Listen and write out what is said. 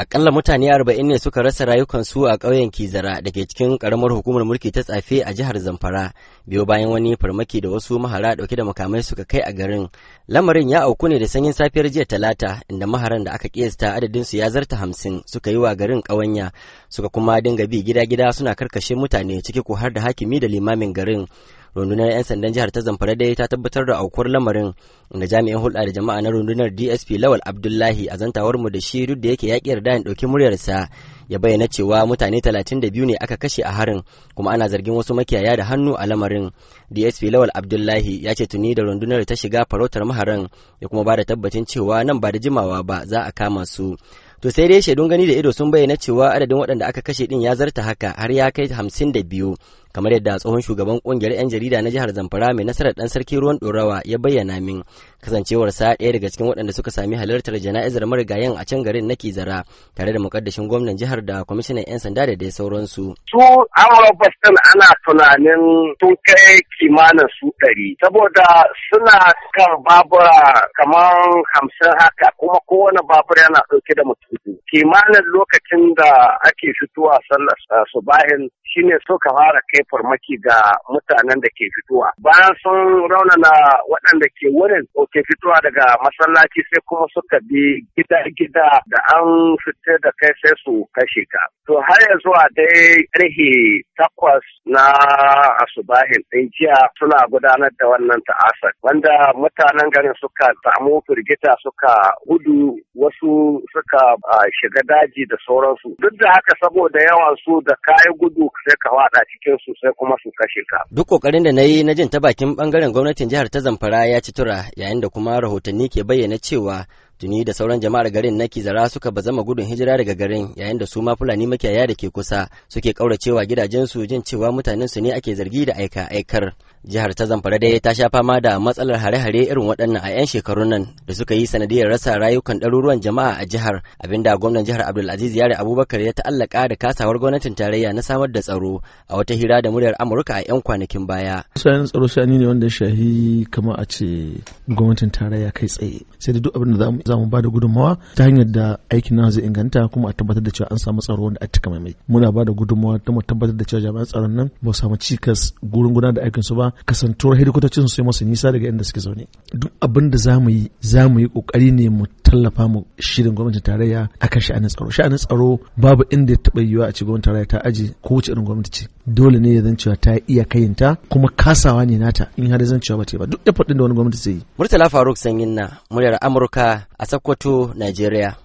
Akalla mutane arba'in ne suka rasa rayukansu a ƙauyen Kizara da ke cikin ƙaramar hukumar mulki ta tsafe a jihar Zamfara, biyo bayan wani farmaki da wasu mahara ɗauke da makamai suka kai a garin. Lamarin ya auku ne da sanyin safiyar jiya Talata, inda maharan da aka kiyasta adadinsu ya zarta hamsin suka yi wa garin ƙawanya, suka kuma dinga bi gida-gida suna karkashe mutane ciki ko har da hakimi da limamin garin. rundunar 'yan sandan jihar ta zamfara dai ta tabbatar da aukuwar lamarin da jami'in hulɗa da jama'a na rundunar dsp lawal abdullahi a zantawar mu da shi duk da yake ƙi yarda ɗauki muryarsa ya bayyana cewa mutane 32 ne aka kashe a harin kuma ana zargin wasu makiyaya da hannu a lamarin dsp lawal abdullahi ya ce tuni da rundunar ta shiga farautar maharan ya kuma ba da tabbacin cewa nan ba da jimawa ba za a kama su to sai dai shaidun gani da ido sun bayyana cewa adadin waɗanda aka kashe din ya zarta haka har ya kai hamsin da biyu kamar yadda tsohon shugaban kungiyar 'yan jarida na jihar zamfara mai nasarar dan sarki ruwan dorawa ya bayyana min kasancewarsa ɗaya daga cikin waɗanda suka sami halartar jana'izar marigayen a can garin na kizara tare da mukaddashin gwamnan jihar da kwamishinan 'yan sanda da dai sauransu. su amurabastan ana tunanin sun kai kimanin su ɗari saboda suna kan babura kamar hamsin haka kuma kowane babura yana ɗauke da mutum kimanin lokacin da ake fitowa sallar subahin shine suka fara kai farmaki ga mutanen da ke fitowa bayan sun raunana waɗanda ke wurin ko ke fitowa daga masallaci sai kuma suka bi gida-gida da an fita da kai sai su kashe ka to har ya zuwa dai ƙarfe takwas na asubahin ɗin jiya suna gudanar da wannan ta'asar wanda mutanen garin suka samu firgita suka gudu wasu suka shiga daji da sauransu duk da haka saboda yawan su da kayan gudu sai ka wada cikin su sai kuma su kashe ka duk kokarin da nayi na jin ta bakin bangaren gwamnatin jihar ta zamfara ya ci tura yayin da kuma rahotanni ke bayyana cewa tuni da sauran jama'ar garin na kizara suka bazama gudun hijira daga garin yayin da su ma fulani makiyaya da ke kusa suke kauracewa gidajensu jin cewa mutanen su ne ake zargi da aika aikar jihar ta zamfara dai ta sha fama da matsalar hare-hare irin waɗannan a 'yan shekarun nan da suka yi sanadiyar rasa rayukan ɗaruruwan jama'a a jihar abinda gwamnan jihar abdulaziz yare abubakar ya ta'allaka da kasawar gwamnatin tarayya na samar da tsaro a wata hira da muryar amurka a 'yan kwanakin baya sayan tsaro shani ne wanda shahi kama a ce gwamnatin tarayya kai tsaye sai da duk abin da za mu ba da gudunmawa ta hanyar da aikin nan zai inganta kuma a tabbatar da cewa an samu tsaro wanda a cika mai muna ba da gudunmawa ta mu tabbatar da cewa jami'an tsaron nan ba samu cikas gurin gudanar da aikin su ba kasantuwar hedikwatocin su sai masu nisa daga inda suke zaune duk abin da za mu yi za mu yi kokari ne mu tallafa mu shirin gwamnatin tarayya kan sha'anin tsaro sha'anin tsaro babu inda ya taɓa yiwuwa a ce gwamnatin tarayya ta aji ko wace irin gwamnati ce dole ne ya zancewa ta iya kayinta kuma kasawa ne nata in har zancewa ba ta ba duk da faɗin da wani gwamnati zai yi murtala faruk sanyin na muryar amurka a sokoto najeriya